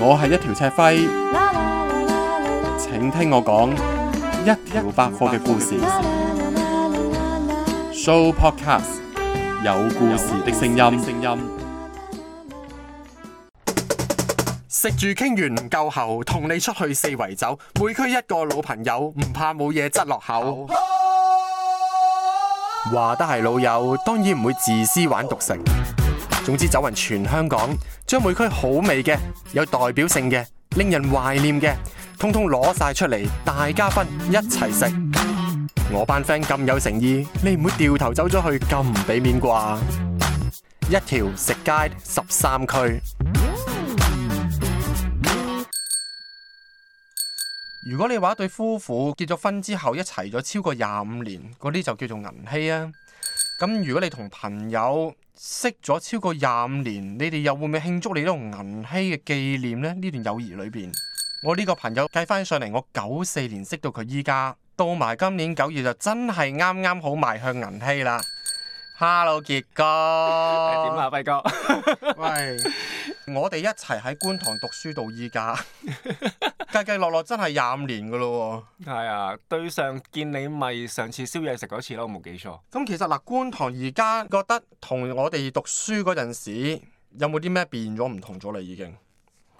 我係一條赤輝，請聽我講一條百貨嘅故事。故事 Show podcast 有故事的聲音。食住傾完唔夠喉，同你出去四圍走，每區一個老朋友，唔怕冇嘢執落口。話得係老友，當然唔會自私玩獨食。總之走勻全香港，將每區好味嘅、有代表性嘅、令人懷念嘅，通通攞晒出嚟，大家分一齊食。我班 friend 咁有誠意，你唔會掉頭走咗去咁唔俾面啩？一條食街十三區。如果你話一對夫婦結咗婚之後一齊咗超過廿五年，嗰啲就叫做銀禧啊。咁如果你同朋友，識咗超過廿五年，你哋又會唔會慶祝你呢個銀禧嘅紀念呢？呢段友誼裏邊，我呢個朋友計翻上嚟，我九四年識到佢，依家到埋今年九月就真係啱啱好邁向銀禧啦。Hello 傑哥，點啊輝哥？喂，我哋一齊喺觀塘讀書到依家。 計計落落真係廿五年噶咯喎！係啊，對上見你咪上次宵夜食嗰次咯，我冇記錯。咁其實嗱，觀塘而家覺得同我哋讀書嗰陣時有冇啲咩變咗唔同咗啦？已經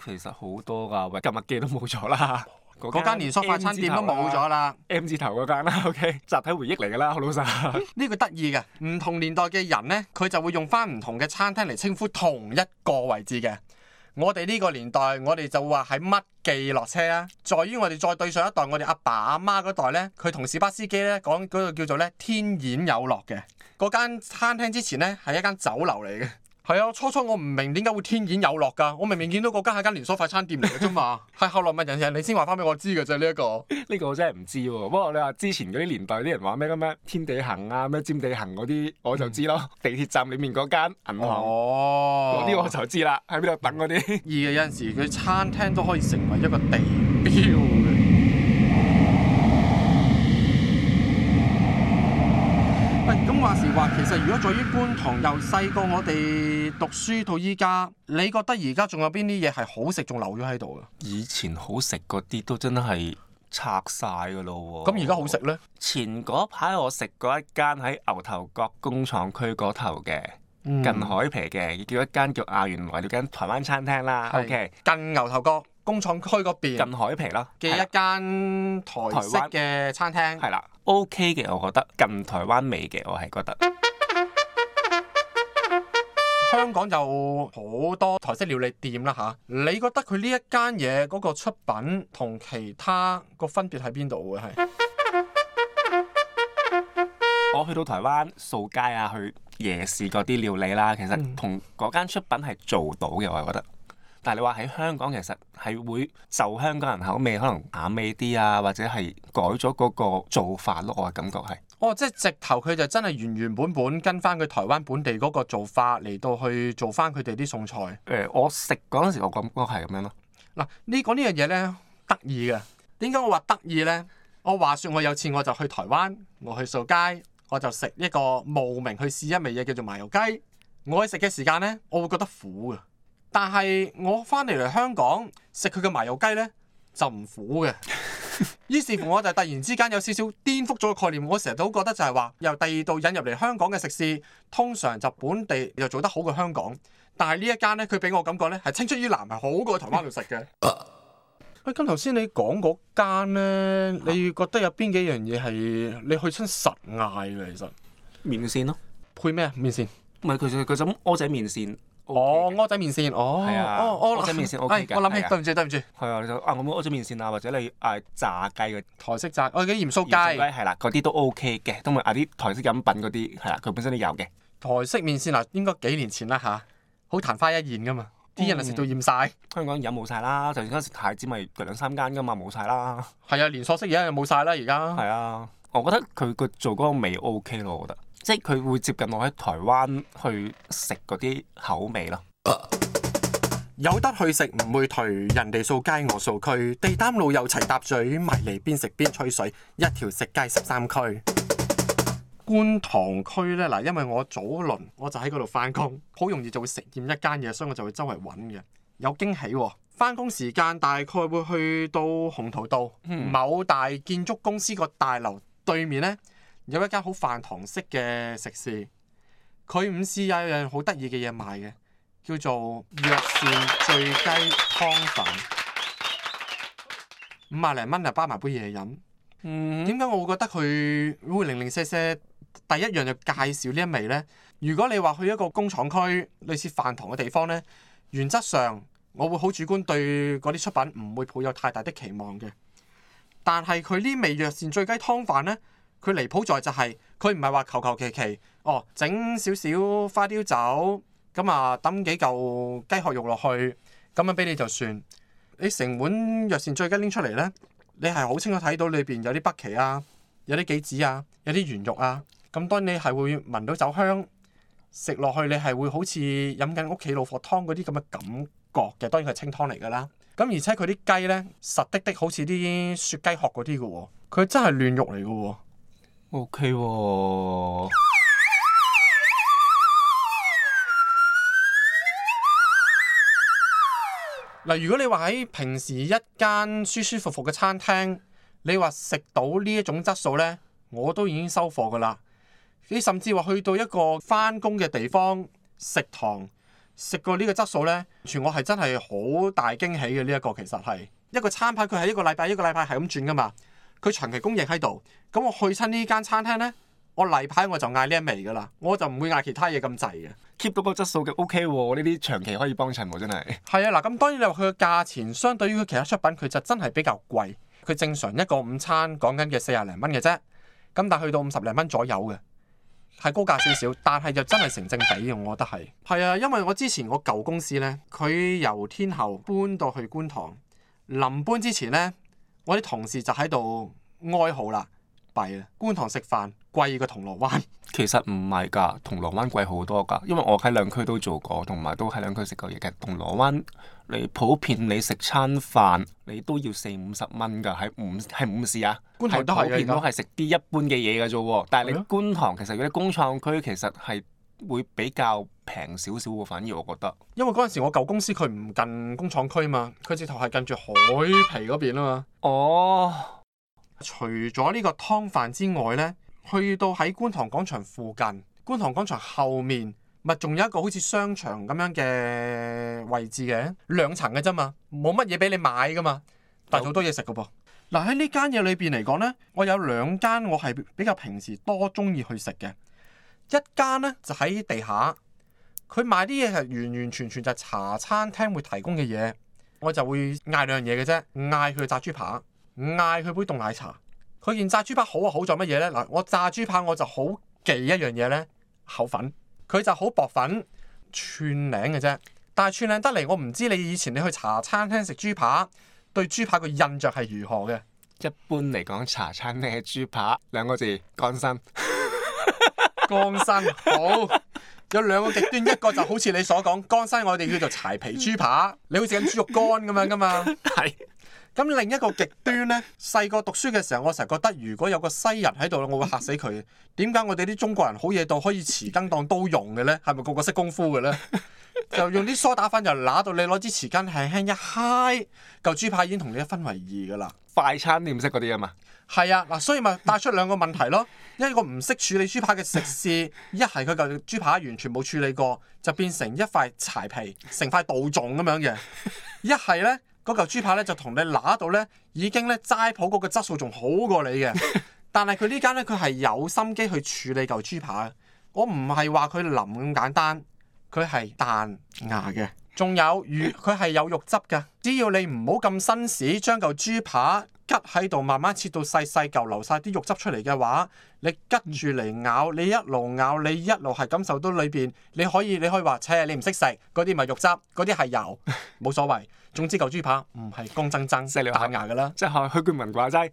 其實好多㗎，吉物記都冇咗啦，嗰間連鎖快餐店都冇咗啦。M 字頭嗰間啦，OK，集體回憶嚟㗎啦，好老實。呢個得意嘅，唔同年代嘅人咧，佢就會用返唔同嘅餐廳嚟稱呼同一個位置嘅。我哋呢個年代，我哋就會話喺乜記落車啊。在於我哋再對上一代，我哋阿爸阿媽嗰代咧，佢同小巴司機咧講嗰個叫做咧天然有落嘅，嗰間餐廳之前咧係一間酒樓嚟嘅。係啊，初初我唔明點解會天然有落㗎，我明明見到嗰間係間連鎖快餐店嚟嘅啫嘛。係 後來問人人，你先話翻俾我知嘅啫，呢一個。呢 個我真係唔知喎，不過你話之前嗰啲年代啲人話咩咁咩天地行啊咩尖地行嗰啲，我就知咯。地鐵站裡面嗰間銀行，嗰啲、哦、我就知啦。喺邊度等嗰啲？二 嘅有陣時，佢餐廳都可以成為一個地。其實如果在於觀塘，由細個我哋讀書到依家，你覺得而家仲有邊啲嘢係好食仲留咗喺度嘅？以前好食嗰啲都真係拆晒㗎咯喎！咁而家好食呢？前嗰排我食嗰一間喺牛頭角工廠區嗰頭嘅，近海皮嘅，嗯、叫一間叫亞元圍，呢間台灣餐廳啦。O K，近牛頭角。工廠區嗰邊近海皮啦嘅一間台式嘅餐廳，係啦的 OK 嘅，我覺得近台灣味嘅，我係覺得香港有好多台式料理店啦嚇、啊。你覺得佢呢一間嘢嗰個出品同其他個分別喺邊度嘅？係我去到台灣掃街啊，去夜市嗰啲料理啦，其實同嗰間出品係做到嘅，我係覺得。嗯但係你話喺香港其實係會受香港人口味可能硬味啲啊，或者係改咗嗰個做法咯、啊，我感覺係。哦，即係直頭佢就真係原原本本跟翻佢台灣本地嗰個做法嚟到去做翻佢哋啲餸菜。誒、嗯，我食嗰陣時，我感覺係咁樣咯。嗱、這個，這個、呢個呢樣嘢呢得意嘅，點解我話得意呢？我話說我有次我就去台灣，我去掃街，我就食一個慕名去試一味嘢叫做麻油雞。我食嘅時間呢，我會覺得苦嘅。但係我翻嚟嚟香港食佢嘅麻油雞呢，就唔苦嘅。於 是乎我就突然之間有少少顛覆咗個概念。我成日都覺得就係話，由第二度引入嚟香港嘅食肆，通常就本地又做得好過香港。但係呢一間呢，佢俾我感覺呢，係青出於藍，係好過台灣度食嘅。喂、 哎，咁頭先你講嗰間咧，你覺得有邊幾樣嘢係你去親實嗌嘅？其實麵線咯，配咩啊？麵線。唔係佢佢佢整蚵仔麵線。哦，蚵仔麵線，哦，啊，哦，蚵仔麵線，O K 嘅。我諗起，對唔住，對唔住。係啊，你就啊，我冇蚵仔麵線啊，或者你誒炸雞嘅台式炸，我哋叫鹽酥雞。鹽酥雞係啦，嗰啲、啊、都 O K 嘅，同埋啊啲台式飲品嗰啲係啦，佢、啊、本身都有嘅。台式麵線嗱、啊，應該幾年前啦、啊、吓、啊，好曇花一現噶嘛，啲、嗯、人咪食到厭晒，香港而家冇晒啦，就算嗰陣時太子咪兩三間噶嘛，冇晒啦。係啊，連鎖式而家又冇晒啦，而家。係啊，我覺得佢個做嗰個味 O K 咯，我覺得。即佢會接近我喺台灣去食嗰啲口味咯。呃、有得去食唔會頹，人哋掃街我掃區，地攤路又齊搭嘴，咪嚟邊食邊吹水。一條食街十三區，觀塘區呢。嗱，因為我早輪我就喺嗰度翻工，好容易就會食厭一間嘢，所以我就會周圍揾嘅，有驚喜喎、哦。翻工時間大概會去到鴻圖道某大建築公司個大樓對面呢。有一間好飯堂式嘅食肆，佢午市有一樣好得意嘅嘢賣嘅，叫做藥膳醉雞湯飯，五啊零蚊就包埋杯嘢飲。點解、嗯、我會覺得佢會零零舍舍？第一樣就介紹呢一味呢。如果你話去一個工廠區，類似飯堂嘅地方呢，原則上我會好主觀對嗰啲出品唔會抱有太大的期望嘅。但係佢呢味藥膳醉雞湯飯呢。佢離譜在就係佢唔係話求求其其哦，整少少花雕酒咁啊，抌、嗯、幾嚿雞殼肉落去咁樣俾你就算。你成碗藥膳醉雞拎出嚟呢，你係好清楚睇到裏邊有啲北芪啊，有啲杞子啊，有啲圓肉啊。咁、嗯、當然你係會聞到酒香，食落去你係會好似飲緊屋企老火湯嗰啲咁嘅感覺嘅。當然係清湯嚟㗎啦。咁、嗯、而且佢啲雞呢，實的的好似啲雪雞殼嗰啲㗎喎，佢真係嫩肉嚟㗎喎。OK 喎，嗱、okay 哦，如果你話喺平時一間舒舒服服嘅餐廳，你話食到呢一種質素呢，我都已經收貨㗎喇。你甚至話去到一個返工嘅地方食堂食過個質呢個質素呢，完全我係真係好大驚喜嘅。呢一個其實係一個餐牌，佢係一個禮拜一個禮拜係咁轉㗎嘛。佢長期供應喺度，咁我去親呢間餐廳呢，我例牌我就嗌呢一味噶啦，我就唔會嗌其他嘢咁滯嘅。keep 到個質素嘅，OK 喎、啊，呢啲長期可以幫襯喎，真係。係啊，嗱，咁當然你話佢嘅價錢相對於佢其他出品，佢就真係比較貴。佢正常一個午餐講緊嘅四廿零蚊嘅啫，咁但係去到五十零蚊左右嘅，係高價少少，但係又真係成正比嘅，我覺得係。係啊，因為我之前我舊公司呢，佢由天后搬到去觀塘，臨搬之前呢。我啲同事就喺度哀號啦，弊啦！觀塘食飯貴過銅鑼灣。其實唔係㗎，銅鑼灣貴好多㗎，因為我喺兩區都做過，同埋都喺兩區食過嘢嘅。銅鑼灣你普遍你食餐飯，你都要四五十蚊㗎，喺五喺五時啊。觀塘都普遍都係食啲一般嘅嘢㗎啫喎，但係你觀塘其實嗰啲工廠區其實係。會比較平少少喎，反而我覺得。因為嗰陣時我舊公司佢唔近工廠區嘛，佢直頭係近住海皮嗰邊啊嘛。哦。除咗呢個湯飯之外呢，去到喺觀塘廣場附近，觀塘廣場後面咪仲有一個好似商場咁樣嘅位置嘅，兩層嘅啫嘛，冇乜嘢俾你買噶嘛，但好多嘢食噶噃。嗱，喺呢間嘢裏邊嚟講呢，我有兩間我係比較平時多中意去食嘅。一間呢，就喺地下，佢賣啲嘢係完完全全就茶餐廳會提供嘅嘢，我就會嗌兩樣嘢嘅啫，嗌佢炸豬扒，嗌佢杯凍奶茶。佢件炸豬扒好啊，好在乜嘢呢？嗱，我炸豬扒我就好忌一樣嘢呢——厚粉。佢就好薄粉，串領嘅啫。但係串領得嚟，我唔知你以前你去茶餐廳食豬扒，對豬扒個印象係如何嘅？一般嚟講，茶餐廳豬扒兩個字乾身。 乾身好，有兩個極端， 一個就好似你所講，乾身我哋叫做柴皮豬扒，你好似食緊豬肉乾咁樣㗎嘛？係。 咁另一個極端呢，細個讀書嘅時候，我成日覺得如果有個西人喺度，我會嚇死佢嘅。點解我哋啲中國人好嘢到可以匙羹當刀用嘅呢？係咪個個識功夫嘅呢？就用啲梳打粉就揦到你攞支匙羹輕輕一嗨，嚿豬扒已經同你一分為二噶啦。快餐你唔識嗰啲啊嘛。係啊，嗱，所以咪帶出兩個問題咯。一個唔識處理豬扒嘅食肆，一係佢嚿豬扒完全冇處理過，就變成一塊柴皮，成塊稻種咁樣嘅。一係呢。嗰嚿豬扒咧就同你拿到呢，已經呢齋普嗰個質素仲好過你嘅，但係佢呢間呢，佢係有心機去處理嚿豬扒。我唔係話佢腍咁簡單，佢係彈牙嘅。仲有肉，佢係有肉汁㗎。只要你唔好咁紳士，將嚿豬扒吉喺度慢慢切到細細嚿，流晒啲肉汁出嚟嘅話，你吉住嚟咬，你一路咬你一路係感受到裏邊，你可以你可以話，切，呃，你唔識食嗰啲咪肉汁，嗰啲係油，冇所謂。總之嚿豬扒唔係光爭爭，犀利打牙噶啦！即係許冠文話齋，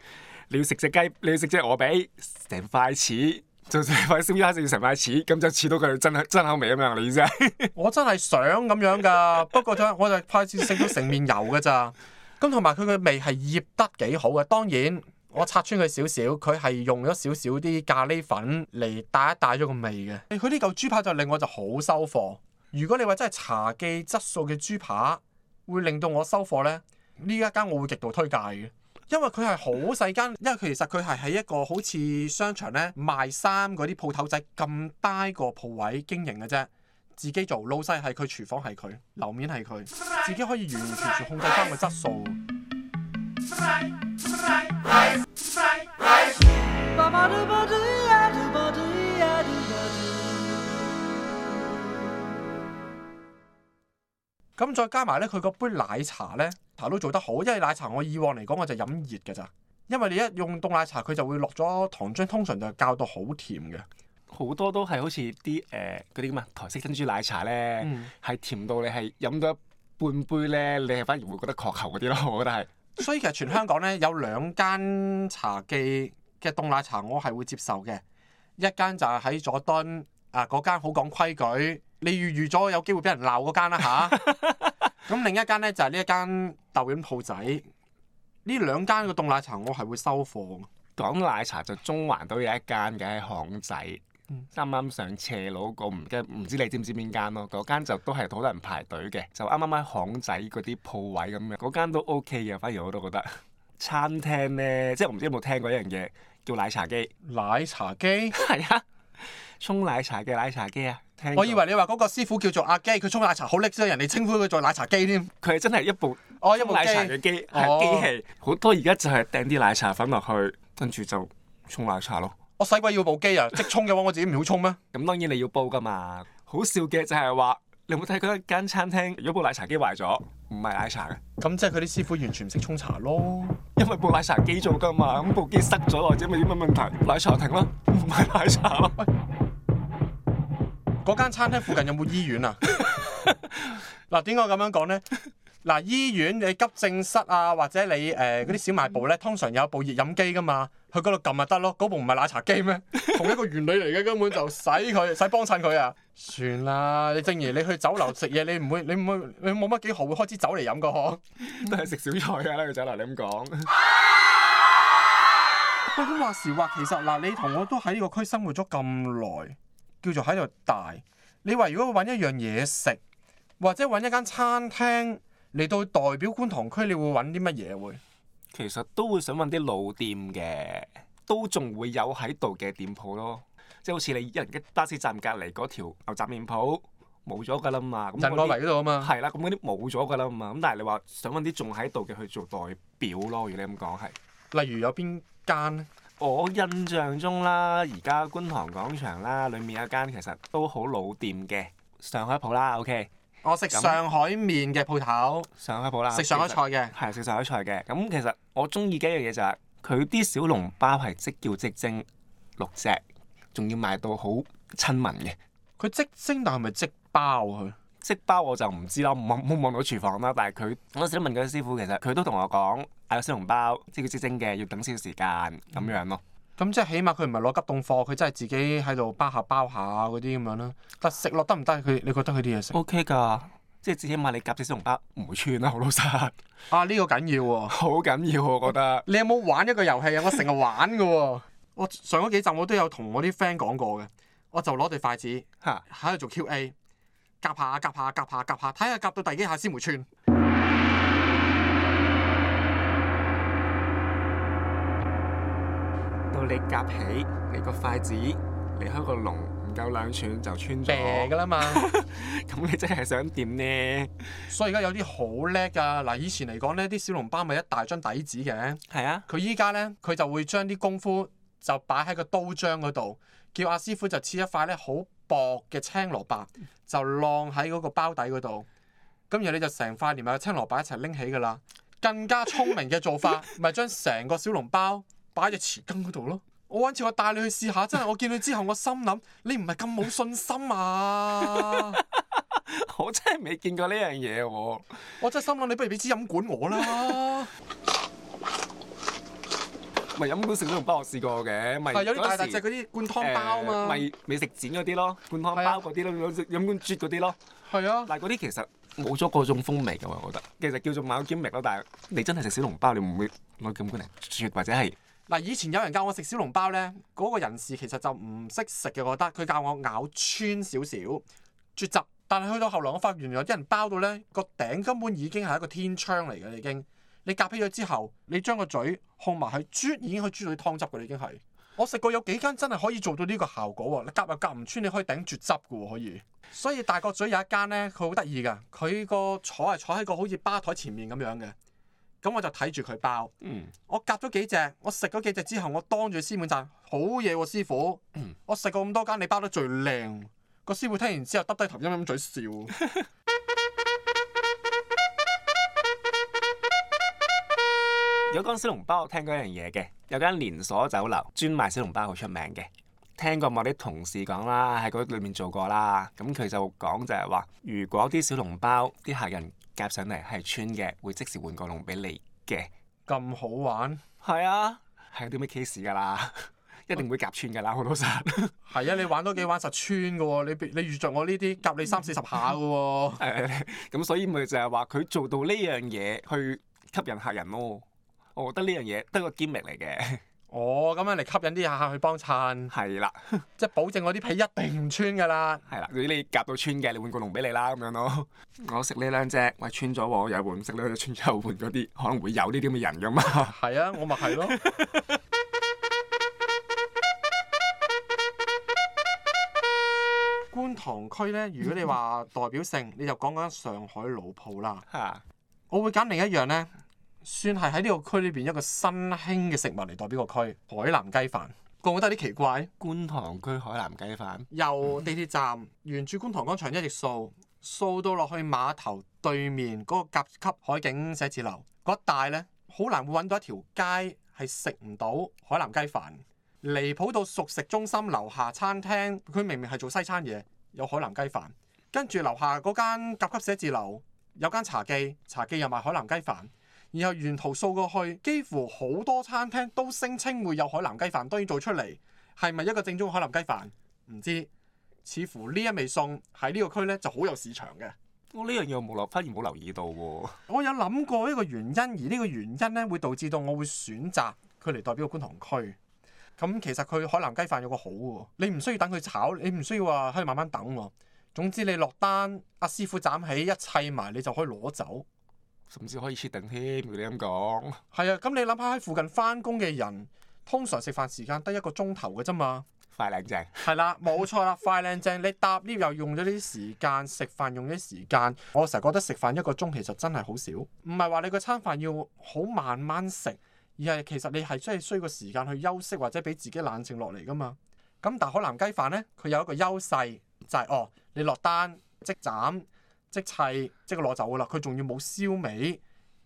你要食隻雞，你要食隻鵝髀，成塊翅，做只塊燒雞叉，食成塊翅。咁就似到佢真真口味咁樣。你意思係？我真係想咁樣噶， 不過我就塊齒食到成面油噶咋。咁同埋佢嘅味係醃得幾好嘅。當然我拆穿佢少少，佢係用咗少少啲咖喱粉嚟帶,帶一帶咗個味嘅。佢呢嚿豬扒就令我就好收貨。如果你話真係茶記質素嘅豬扒，會令到我收貨呢。呢一間我會極度推介嘅，因為佢係好細間，因為其實佢係喺一個好似商場呢賣衫嗰啲鋪頭仔咁低個鋪位經營嘅啫，自己做老細係佢，廚房係佢，樓面係佢，自己可以完完全全控制翻個質素。咁再加埋咧，佢嗰杯奶茶咧，茶都做得好。因為奶茶我以往嚟講，我就飲熱㗎咋。因為你一用凍奶茶，佢就會落咗糖漿，通常就係教到好甜嘅。好多都係好似啲誒嗰啲咁啊，台、呃、式珍珠奶茶咧，係、嗯、甜到你係飲咗半杯咧，你係反而會覺得渴喉啲咯。我覺得係。所以其實全香港咧 有兩間茶記嘅凍奶茶，我係會接受嘅。一間就係喺佐敦啊，嗰間好講規矩。你預預咗有機會俾人鬧嗰間啦嚇，咁、啊、 另一間呢就係、是、呢一間豆飲鋪仔，呢兩間嘅凍奶茶我係會收貨。講奶茶就中環都有一間嘅喺巷仔，啱啱、嗯、上斜路嗰唔嘅唔知、知你知唔知邊間咯？嗰間就都係好多人排隊嘅，就啱啱喺巷仔嗰啲鋪位咁樣，嗰間都 OK 嘅，反而我都覺得 餐廳呢，即係我唔知有冇聽過一樣嘢叫奶茶機？奶茶機係啊。 沖奶茶嘅奶茶機啊，我以為你話嗰個師傅叫做阿機，佢沖奶茶好叻啫，人哋稱呼佢做奶茶機添啊，佢係真係一部哦，一部奶茶嘅機係機器，好多而家就係掟啲奶茶粉落去，跟住就沖奶茶咯。我使鬼要部機啊，即沖嘅話我自己唔好沖咩？咁當然你要煲噶嘛。好笑嘅就係話。你有冇睇過一間餐廳？如果部奶茶機壞咗，唔係奶茶嘅，咁即係佢啲師傅完全唔識沖茶咯。因為部奶茶機做噶嘛，咁部機塞咗或者咪啲乜問題，奶茶停啦，唔係奶茶啦。嗰間餐廳附近有冇醫院啊？嗱， 點解我咁樣講咧？嗱，醫院你急症室啊，或者你誒嗰啲小賣部咧，通常有部熱飲機㗎嘛，去嗰度撳咪得咯。嗰部唔係奶茶機咩？同一個原理嚟嘅，根本就使佢使幫襯佢啊！算啦，你正如你去酒樓食嘢，你唔會你唔會你冇乜幾何會開支酒嚟飲㗎嗬，都係食小菜㗎啦，去酒樓你咁講。喂，咁話時話，其實嗱，你同我都喺呢個區生活咗咁耐，叫做喺度大。你話如果揾一樣嘢食，或者揾一間餐廳。嚟到代表觀塘區，你會揾啲乜嘢會？其實都會想揾啲老店嘅，都仲會有喺度嘅店鋪咯。即係好似你一人嘅巴士站隔離嗰條牛雜麵鋪冇咗㗎啦嘛。仁愛圍嗰度啊嘛。係啦，咁嗰啲冇咗㗎啦嘛。咁但係你話想揾啲仲喺度嘅去做代表咯，如果你咁講係。例如有邊間？我印象中啦，而家觀塘廣場啦，裡面有一間其實都好老店嘅上海鋪啦，OK。我食上海麵嘅、嗯、鋪頭，上海，其實上海菜鋪啦，食上海菜嘅，係食上海菜嘅。咁其實我中意嘅一樣嘢就係佢啲小籠包係即叫即蒸，六隻，仲要賣到好親民嘅。佢即蒸，但係咪即包佢？即包我就唔知啦，冇冇望到廚房啦。但係佢我嗰時都問嗰啲師傅，其實佢都同我講，嗌個小籠包即叫即蒸嘅，要等少少時間咁樣咯。嗯咁即係起碼佢唔係攞急凍貨，佢真係自己喺度包下包下嗰啲咁樣啦。但食落得唔得？佢你覺得佢啲嘢食 O K 㗎，即係自己買嚟夾隻小籠包唔會串啦、啊，好老實。啊呢、呢個緊要喎、啊！好緊要、啊、我覺得。你有冇玩一個遊戲啊？我成日玩嘅喎、啊。 我上嗰幾集我都有同我啲 friend 講過嘅，我就攞對筷子吓，喺度做 Q A 夾下夾下夾下夾下，睇下，夾，下，夾，下，夾，下睇下夾到第幾下先會串。你夾起你個筷子離開個籠唔夠兩寸就穿咗㗎啦嘛！咁 你真係想點呢！所以而家有啲好叻㗎嗱，以前嚟講呢啲小籠包咪一大張底紙嘅，係啊，佢依家呢，佢就會將啲功夫就擺喺個刀章嗰度，叫阿師傅就切一塊咧好薄嘅青蘿蔔，就晾喺嗰個包底嗰度，咁然後你就成塊連埋個青蘿蔔一齊拎起㗎啦。更加聰明嘅做法，咪 將成個小籠包。擺喺隻匙羹嗰度咯。我揾次我帶你去試下，真係我見佢之後，我心諗你唔係咁冇信心啊！ 我真係未見過呢樣嘢喎，我真係心諗你不如俾支飲管我啦。咪 飲管食小籠包我試過嘅，咪有啲大大隻嗰啲灌湯包啊嘛，咪美食展嗰啲咯，灌湯包嗰啲咯，啊、飲管啜嗰啲咯。係啊，但係嗰啲其實冇咗嗰種風味嘅，我覺得其實叫做買個 gimmick 咯。但係你真係食小籠包，你唔會攞飲管嚟啜或者係。嗱，以前有人教我食小籠包咧，嗰個人士其實就唔識食嘅，我覺得佢教我咬穿少少啜汁，但係去到後來我發現有啲人包到咧個頂根本已經係一個天窗嚟嘅已經，你夾起咗之後，你將個嘴控埋喺啜已經可以啜到啲湯汁㗎已經係。我食過有幾間真係可以做到呢個效果喎，你夾又夾唔穿，你可以頂啜汁㗎喎可以。所以大角咀有一間咧，佢好得意㗎，佢個坐係坐喺個好似吧台前面咁樣嘅。咁我就睇住佢包，嗯，我夾咗幾隻，我食咗幾隻之後，我當住師傅讚：好嘢喎，師傅，嗯、我食過咁多間，你包得最靚。個師傅聽完之後，耷低頭陰陰嘴笑。 如果講小籠包，我聽過一樣嘢嘅，有間連鎖酒樓專賣小籠包，好出名嘅，聽過某啲同事講啦，喺嗰裏面做過啦。咁佢就講就係話，如果啲小籠包啲客人，夾上嚟係穿嘅，會即時換個籠俾你嘅，咁好玩？係啊，係有啲咩 case 㗎啦？ 一定會夾穿嘅啦，好、呃、多時。係 啊，你玩多幾玩實穿嘅喎，你你遇著我呢啲夾你三四十下嘅喎。咁、 嗯嗯、所以咪就係話佢做到呢樣嘢去吸引客人咯。我覺得呢樣嘢得個 gimmick 嚟嘅。哦，咁樣嚟吸引啲客去幫襯。係啦了，即係保證我啲皮一定唔穿噶啦。係啦，如果你夾到穿嘅，你換個籠俾你啦，咁樣咯。 我食呢兩隻，喂穿咗又換，食呢兩隻穿又換嗰啲，可能會有呢啲咁嘅人噶嘛。係啊，我咪係咯。 觀塘區咧，如果你話代表性， 你就講緊上海老鋪啦。嚇！ 我會揀另一樣咧。算係喺呢個區裏邊一個新興嘅食物嚟代表個區，海南雞飯，個個都覺得有啲奇怪。觀塘區海南雞飯，由地鐵站沿住觀塘廣場一直掃，掃到落去碼頭對面嗰個甲級海景寫字樓嗰一帶呢，好難會揾到一條街係食唔到海南雞飯。離譜到熟食中心樓下餐廳，佢明明係做西餐嘢，有海南雞飯。跟住樓下嗰間甲級寫字樓有間茶記，茶記又賣海南雞飯。然後沿途掃過去，幾乎好多餐廳都聲稱會有海南雞飯，當然做出嚟係咪一個正宗海南雞飯唔知。似乎呢一味餸喺呢個區咧就好有市場嘅。我呢樣嘢我冇留，反而冇留意到喎。我有諗過一個原因，而呢個原因咧會導致到我會選擇佢嚟代表觀塘區。咁其實佢海南雞飯有個好嘅，你唔需要等佢炒，你唔需要話可以慢慢等。總之你落單，阿師傅斬起一砌埋，你就可以攞走。甚至可以設定添，如你咁講。係啊，咁、嗯、你諗下喺附近翻工嘅人，通常食飯時間得一個鐘頭嘅啫嘛。快靚正。係啦、啊，冇錯啦， 快靚正。你搭 lift 又用咗啲時間，食飯用咗啲時間。我成日覺得食飯一個鐘其實真係好少。唔係話你個餐飯要好慢慢食，而係其實你係真係需要個時間去休息或者俾自己冷靜落嚟噶嘛。咁、嗯、但係海南雞飯呢，佢有一個優勢就係、是、哦，你落單即斬。即砌，即係攞走噶啦。佢仲要冇燒味，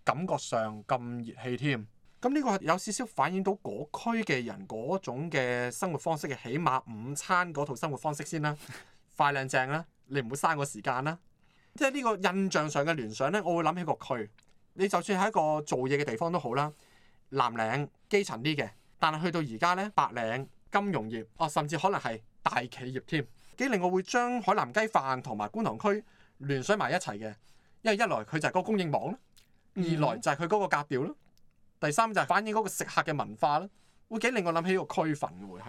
感覺上咁熱氣添。咁呢個有少少反映到嗰區嘅人嗰種嘅生活方式嘅起碼午餐嗰套生活方式先啦， 快靚正啦，你唔會嘥個時間啦。即係呢個印象上嘅聯想呢，我會諗起個區。你就算喺一個做嘢嘅地方都好啦，藍領基層啲嘅，但係去到而家呢，白領金融業哦、啊，甚至可能係大企業添，幾令我會將海南雞飯同埋觀塘區。聯想埋一齊嘅，因為一來佢就係嗰個供應網咯，嗯、二來就係佢嗰個格調咯，第三就係反映嗰個食客嘅文化啦，會幾令我諗起個區份會係。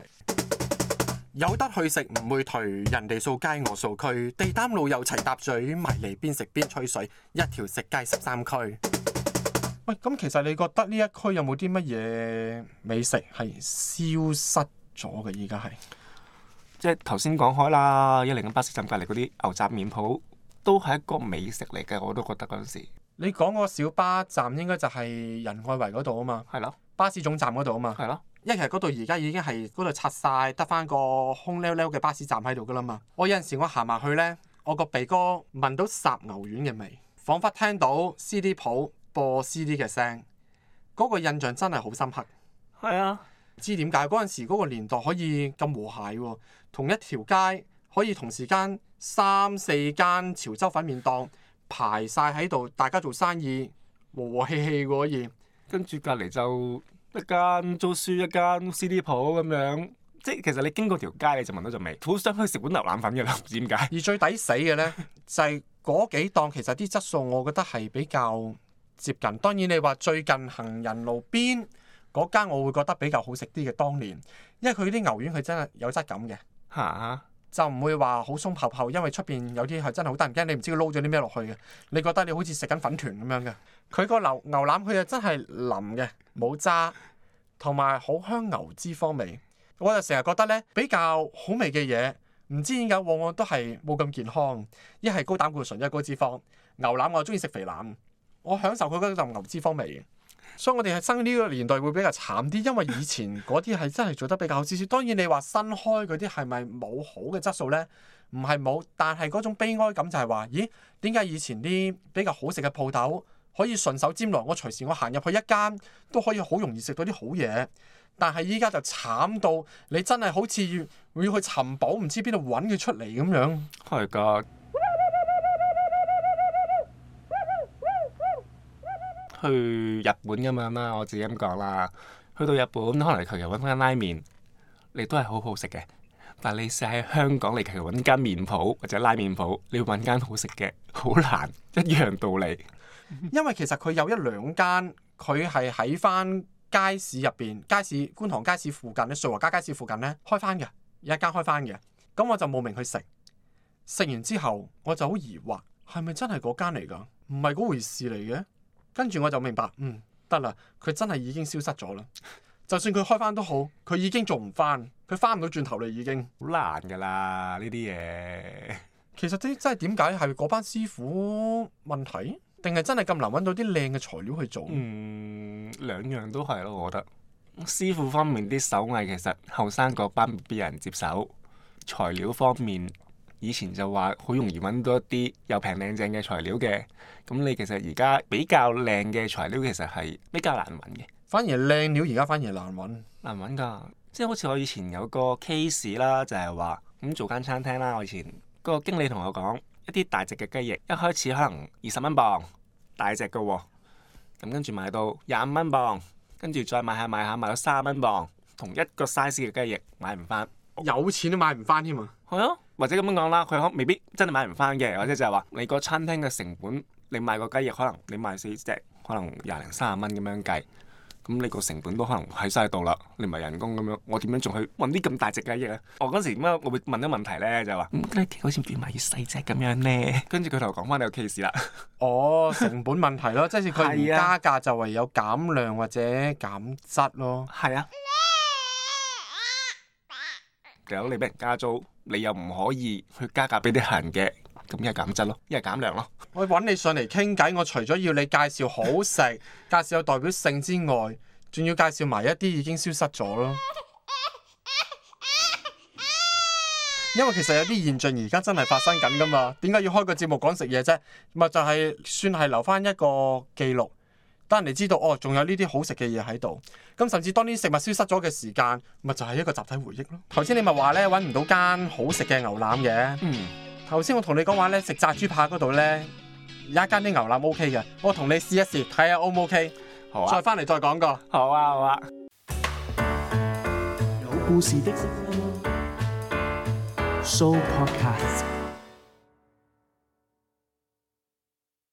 有得去食唔會退，人哋掃街我掃區，地攤路又齊搭嘴，埋嚟邊食邊吹水，一條食街十三區。喂，咁其實你覺得呢一區有冇啲乜嘢美食係消失咗嘅？依家係，即係頭先講開啦，一零八食站隔離嗰啲牛雜麵鋪。都係一個美食嚟嘅，我都覺得嗰陣時。你講個小巴站應該就係仁愛圍嗰度啊嘛？係咯的。巴士總站嗰度啊嘛？係咯的。因為其實嗰度而家已經係嗰度拆晒，得返個空溜溜嘅巴士站喺度噶啦嘛。我有陣時我行埋去咧，我個鼻哥聞到雜牛丸嘅味，仿佛聽到 C D 鋪播 C D 嘅聲，嗰、嗰個印象真係好深刻。係啊的，知點解嗰陣時嗰個年代可以咁和諧？同一條街可以同時間。三四間潮州粉麵檔排晒喺度，大家做生意和和氣氣嘅可以。跟住隔離就一間租書、一間 CD 鋪咁樣。即係其實你經過條街你就聞到陣味，好想去食碗牛腩粉嘅啦。唔知點解。而最抵死嘅呢，就係嗰幾檔，其實啲質素我覺得係比較接近。 當然你話最近行人路邊嗰間，我會覺得比較好食啲嘅。當年因為佢啲牛丸佢真係有質感嘅。嚇！就唔會話好鬆泡泡，因為出邊有啲係真係好得人驚，你唔知佢撈咗啲咩落去嘅。你覺得你好似食緊粉團咁樣嘅。佢個牛牛腩佢又真係腍嘅，冇渣，同埋好香牛脂肪味。我就成日覺得呢比較好味嘅嘢，唔知點解往往都係冇咁健康，一係高膽固醇，一係高脂肪。牛腩我中意食肥腩，我享受佢嗰陣牛脂肪味。所以我哋係生呢個年代會比較慘啲，因為以前嗰啲係真係做得比較好少少。當然你話新開嗰啲係咪冇好嘅質素呢？唔係冇，但係嗰種悲哀感就係話：咦，點解以前啲比較好食嘅鋪頭可以順手拈來？我隨時我行入去一間都可以好容易食到啲好嘢。但係依家就慘到你真係好似要要去尋寶，唔知邊度揾佢出嚟咁樣。係㗎。去日本咁樣啦，我自己咁講啦。去到日本，可能求其揾間拉麵，你都係好好食嘅。但你試喺香港，你求其揾間麵鋪或者拉麵鋪，你要揾間好食嘅，好難。一樣道理，因為其實佢有一兩間，佢係喺翻街市入邊，街市觀塘街市附近咧，瑞和街街市附近咧開翻嘅，有一間開翻嘅。咁我就慕名去食，食完之後我就好疑惑，係咪真係嗰間嚟噶？唔係嗰回事嚟嘅。跟住我就明白，嗯，得啦，佢真係已經消失咗啦。就算佢開翻都好，佢已經做唔翻，佢翻唔到轉頭啦，已經。好難噶啦呢啲嘢。其實真真係點解係嗰班師傅問題，定係真係咁難揾到啲靚嘅材料去做？嗯，兩樣都係咯，我覺得。師傅方面啲手藝，其實後生嗰班未必有人接手，材料方面。以前就話好容易揾到一啲又平靚正嘅材料嘅，咁你其實而家比較靚嘅材料其實係比較難揾嘅，反而靚料而家反而難揾難揾㗎。即係好似我以前有個 case 啦，就係話咁做間餐廳啦，我以前個經理同我講，一啲大隻嘅雞翼，一開始可能二十蚊磅大隻嘅喎、哦，咁跟住買到廿五蚊磅，跟住再買下買下買到三十蚊磅，同一個 size 嘅雞翼買唔翻，有錢都買唔翻添啊！係啊！或者咁樣講啦，佢可未必真係買唔翻嘅，或者就係話你個餐廳嘅成本，你賣個雞翼可能你賣四隻，可能廿零卅蚊咁樣計，咁你個成本都可能喺晒度啦。你唔係人工咁樣，我點樣仲去揾啲咁大隻雞翼咧？哦、我嗰時點啊，我會問咗問題咧，就係、是、話：雞翼、嗯、好似變埋細隻咁樣咧。跟住佢頭講翻你個 case 啦。哦，成本問題咯， 即係佢唔加價就唯有減量或者減質咯。係是啊。咁 你俾人加租？你又唔可以去加價俾啲人嘅，咁一係減質咯，一係減量咯。我揾你上嚟傾偈，我除咗要你介紹好食、 介紹有代表性之外，仲要介紹埋一啲已經消失咗咯。 因為其實有啲現象而家真係發生緊㗎嘛，點解要開個節目講食嘢啫？咪就係、是、算係留翻一個記錄。但係你知道，哦，仲有呢啲好食嘅嘢喺度。咁甚至當啲食物消失咗嘅時間，咪就係一個集體回憶咯。頭先你咪話咧，揾唔到間好食嘅牛腩嘅。嗯，頭先我同你講話咧，食炸豬扒嗰度咧，有一間啲牛腩 OK 嘅。我同你試一試，睇下 O 唔 OK。好啊，再翻嚟再講個。好啊，好啊。有故事的。